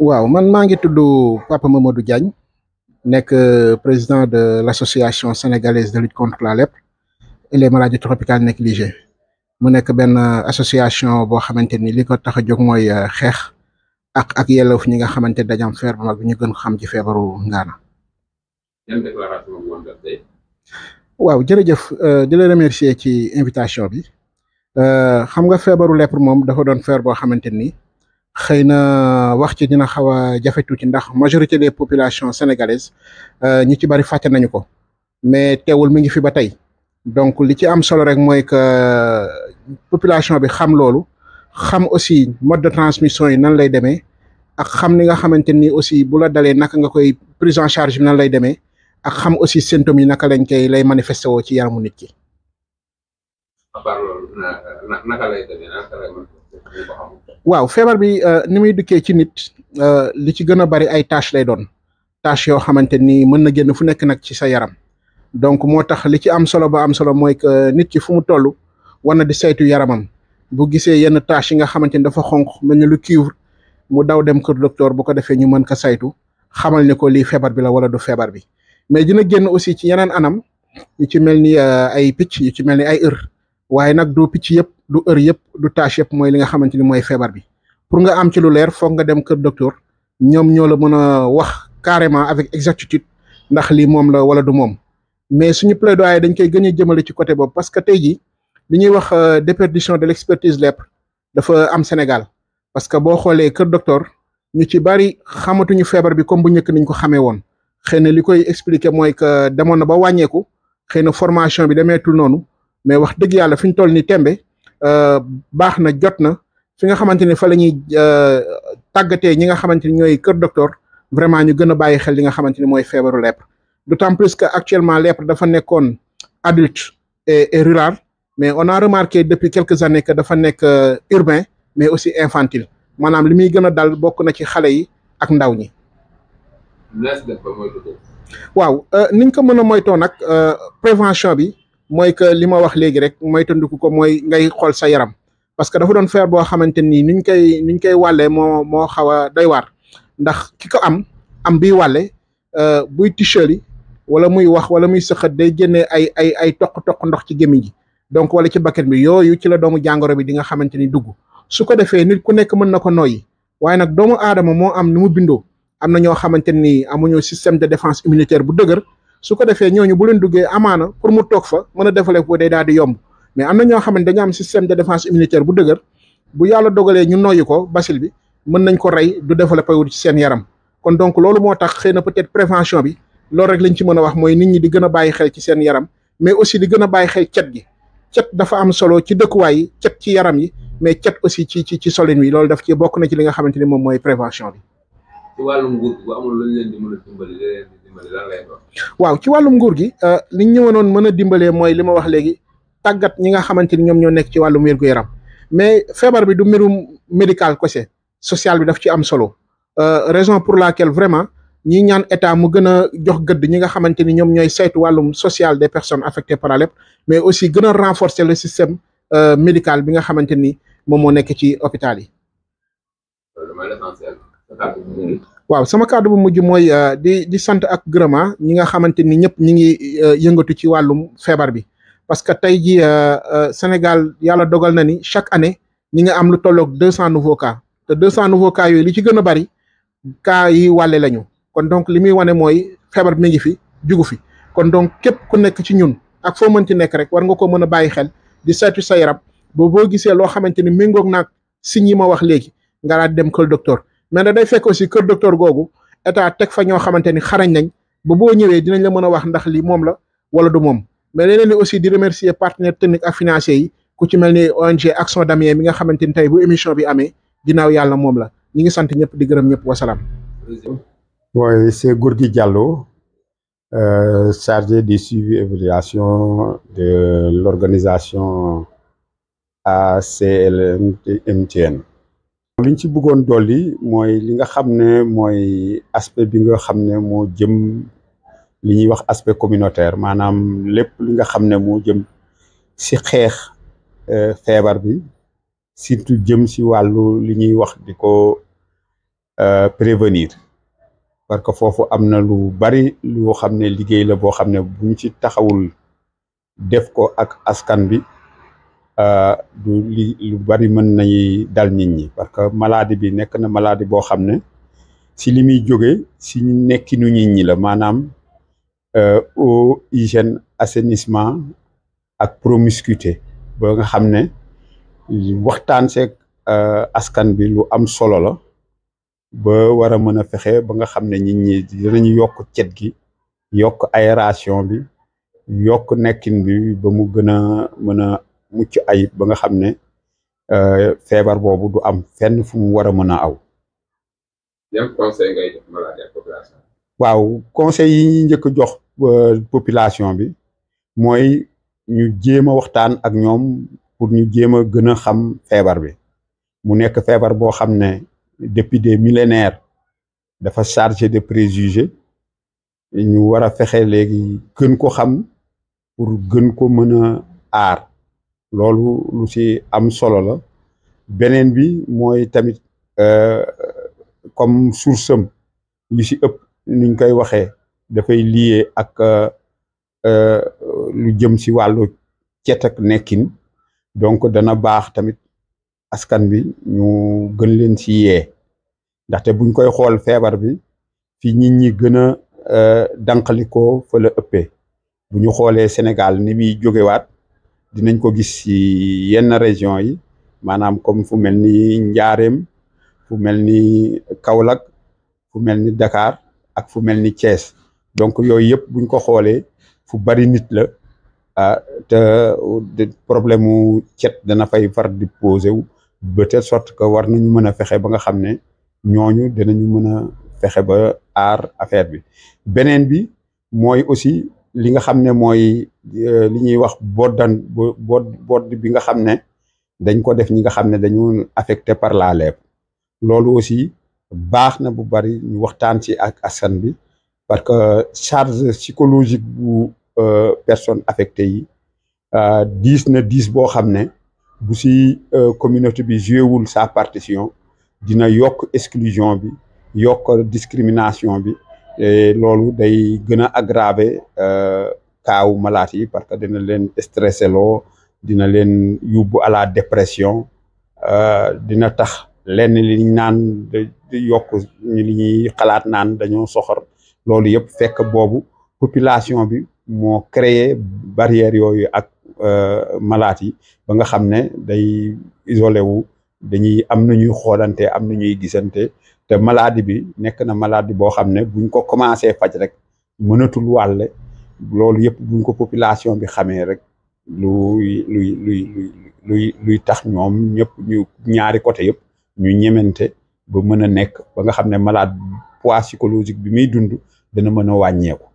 waaw man mangi ngi Papa Mamadou Diagne nek euh, président de l'association sénégalaise de lutte contre la lèpre et les maladies tropicales négligées mu nek ben association bo xamante liko tax a moy euh, xex ak ak yelleef ñi nga xamante dañ am feebar mag ñu gën xam ci feebaru ngaana. waaw jërëjëf euh, di la remercier ci invitation bi xam nga feebaru lèpre mom dafa doon feebar bo xamante xëy na wax ci dina xaw a jafe tuuti ndax majorité des populations sénégalaises euh, ñi ci bari fàtte nañu ko mais teewul mi ngi fi ba tey donc li ci am solo rek mooy que euh, population bi xam loolu xam aussi mode de transmission yi nan lay demee ak xam li nga xamante ni aussi bu la dalee naka nga koy prise en charge bi nan lay demee ak xam aussi symptômes yi naka lañ koy lay manifesté woo ci yaramu nit ki. waaw feebar bi euh, ni muy dikkee ci nit euh, li ci gën a bari ay tâche lay doon tâche yoo xamante ni mën na génn fu nekk nag ci sa yaram donc moo tax li ci am solo ba am solo mooy que euh, nit ci fu mu toll war na di saytu yaramam bu gisee yenn tâche yi nga xamante ni dafa xonq mel ni lu cuivre mu daw dem kër docteur bu ko defee ñu mën ko saytu xamal ne ko lii feebar bi la wala du feebar bi mais dina génn aussi ci yeneen anam yu ci mel ni ay picc yu ci mel ni ay ër waaye nag du picc yëpp du ër yëpp du tâche yëpp mooy li nga xamante ni mooy feebar bi pour nga am ci lu leer foog nga dem kër doctor ñoom ñoo la mën a wax carrément avec exactitude ndax lii moom la wala du moom mais su suñu plaidoyer dañ koy gën a jëmale ci côté boobu parce que tey jii li ñuy wax euh, déperdition de l'expertise lèpre dafa am Sénégal parce que boo xoolee kër doctor ñu ci bari xamatuñu feebar bi comme bu njëkk niñ ko xamee woon xëy na li koy expliquer mooy que demoon na ba wàññeeku xëy na formation bi demeetul noonu mais wax dëgg yàlla fi ñu toll ni tembe euh, baax na jot na fi nga xamante ni fa la ñuy euh, tàggatee ñi nga xamante ni ñooy kër doctor vraiment ñu gën a bàyyi xel li nga xamante ni mooy feebaru lepp d'autant plus que actuellement lèpre dafa nekkoon adulte et rural mais on a depuis quelques années que dafa nekk euh, urbain mais aussi infantile maanaam li muy gën a dal bokk na ci xale yi ak ndaw ñi. waaw niñ ko mën a moytoo nag prévention bi. mooy que li ma wax léegi rek mooy tëndiku ko mooy ngay xool sa yaram parce que dafa doon feer boo xamante ni niñ koy niñ koy wàllee moo moo xaw a doy waar ndax ki ko am am biy wàlle euh, buy tichali wala muy wax wala muy sëqat day génnee ay ay ay toq-toq ndox ci gémmi gi donc wala ci bakket bi yooyu ci la doomu jàngoro bi di nga xamante ni dugg su ko defee nit ku nekk mën na ko noyyi waaye nag doomu aadama moo am nu mu bindoo am na ñoo xamante ni amuñu système de défense immunitaire bu dëgër su ko defee ñoo ñu bu leen duggee amaana pour mu toog fa mën a defalee ko day daal di yomb mais am na ñoo xamante dañu am système de défense immunitaire bu dëgër bu yàlla dogalee ñu noyyi ko bacille bi mën nañ ko rey du développé wu ci seen yaram kon donc loolu moo tax xëy na peut-être prévention bi loolu rek lañ ci mën a wax mooy nit ñi di gën a bàyyi xel ci seen yaram mais aussi di gën a bàyyi xel cet gi cet dafa am solo ci dëkkuwaay yi cet ci yaram yi mais cet aussi ci ci ci solin wi loolu daf ci bokk na ci li nga xamante ni moom mooy prévention a waaw ci wàllum nguur gi euh, li ñu ñëwanoon mën a dimbalee mooy li ma wax léegi tàggat ñi nga xamante ni ñoom ñoo nekk ci wàllum wér-gu-yaram mais feebar bi du mbirum médical kese social bi daf ci am solo euh, raison pour la laquelle vraiment ñi ñaan état mu gën a jox gëdd ñi nga xamante ni ñoom ñooy saytu wàllum social des personnes affectées par la lèpre mais aussi gën a renforcer le système euh, médical bi nga xamante ni moom moo nekk ci hôpital yi. waaw sama kàddu bu mujj mooy euh, di di sant ak gërëma ah, ñi nga xamante ni ñëpp ñi ngi euh, yëngatu ci wàllum feebar bi parce que tey jii euh, Sénégal yàlla dogal na ni chaque année ñi nga am lu tolloog deux cent nouveaux cas te deux cent nouveaux cas yooyu li ci gën a bari ka yi wàlle lañu kon donc li muy wane mooy feebar bi mi fi jugu fi kon donc képp ku nekk ci ñun ak foo mënti nekk rek war nga ko mën a bàyyi xel di saytu sa yaram ba boo gisee loo xamante ni méngoog naag signes yi ma wax léegi nga dem kër docteur mais da day fekk aussi kër docteur googu état teg fa ñoo xamante ni xarañ nañ ba boo ñëwee dinañ la mën a wax ndax lii moom la wala du moom mais leneen ni aussi di remercier partenaire technique ak financier yi ku ci mel ni ONG Action Damien mi nga xamante ni tey bu émission bi amee ginnaaw yàlla moom la ñi ngi sant ñëpp di gërëm ñëpp wasalaam mooy c'est Gorgui Diallo euh, chargé du suivi évaluation de l'organisation ACLMTN liñ ci bëggoon dolli mooy li nga xam ne mooy aspect bi nga xam ne moo jëm li ñuy wax aspect communautaire maanaam lépp li nga xam ne moo jëm si xeex euh, feebar bi surtout jëm si wàllu li ñuy wax di ko euh, prévenir parce que foofu am na lu bari loo xam ne liggéey la boo xam ne buñ ci taxawul def ko ak askan bi Euh, du li lu bari man nañuy dal nit ñi parce que maladie bi nek na maladie bo xamne ci si joggé ci nekki nu nit ñi la euh au hygiène assainissement ak promiscuité bo nga xamne ne ci euh askan bi lu am solo la ba wara mëna fexé ba nga xam nit ñi dinañu yok ciet gi yok aération bi yok nekkin bi ba mu gëna mëna mucc ayib ba nga xam ne euh, feebar boobu du am fenn fu mu war a mën a aw. waaw conseil yi njëkk a jox euh, population bi mooy ñu jéem a waxtaan ak ñoom pour ñu jéem a gën a xam feebar bi mu nekk feebar boo xam ne depuis des millénaires dafa chargé de préjugés ñu war a fexe léegi gën ko xam pour gën ko mën a aar. loolu lu ci am solo la beneen bi mooy tamit euh, comme source am yu ci ëpp nuñ koy waxee dafay lié ak euh, euh, lu jëm si wàllu cet nekkin donc dana baax tamit askan bi ñu gën leen ci yee ndaxte buñ koy xool feebar bi fi nit ñi gën a danqalikoo fa la ëppee bu ñu xoolee Sénégal ni muy jógewaat dinañ ko gis ci yenn région yi maanaam comme fu mel ni Njaareem fu mel ni Kaolack fu mel ni Dakar ak fu mel ni Thiès donc yooyu yëpp buñ ko xoolee fu bari nit la ah te problème mu cet dana fay far di posé wu ba telle sorte que war nañu mën a fexe ba nga xam ne ñooñu danañu mën a fexe ba aar affaire bi beneen bi mooy aussi li nga xam moy euh, li ñuy wax bodan bod bi nga xam dañ ko def ñi nga xam dañu affecté par la lèpre lolu aussi baxna bu bari ñu waxtaan ci ak askan bi parce que charge psychologique bu euh, personne affectée yi 10 euh, na 10 bo xam bu si communauté bi jouéwul sa partition dina yok exclusion bi yok discrimination bi te loolu day gën a aggraver euh, kaaw malaat yi parce que dina leen stressé loo dina leen yóbbu à la dépression euh, dina tax lenn li naan di yokk ñuy xalaat naan dañoo soxor loolu yëpp fekk boobu population bi moo créer barrière yooyu ak euh, malaat yi ba nga xam ne day isolé wu dañuy am na ñuy xoolante am na ñuy gisante te maladi bi nekk na maladie boo xam ne buñ ko commencer faj rek mënatul wàlle loolu yëpp buñ ko population bi xamee rek luy luy luy luy luy tax ñoom ñëpp ñu ñaari côté yëpp ñu ñemente ba mën a nekk ba nga xam ne malade poids psychologique bi muy dund dana mën a wàññeeku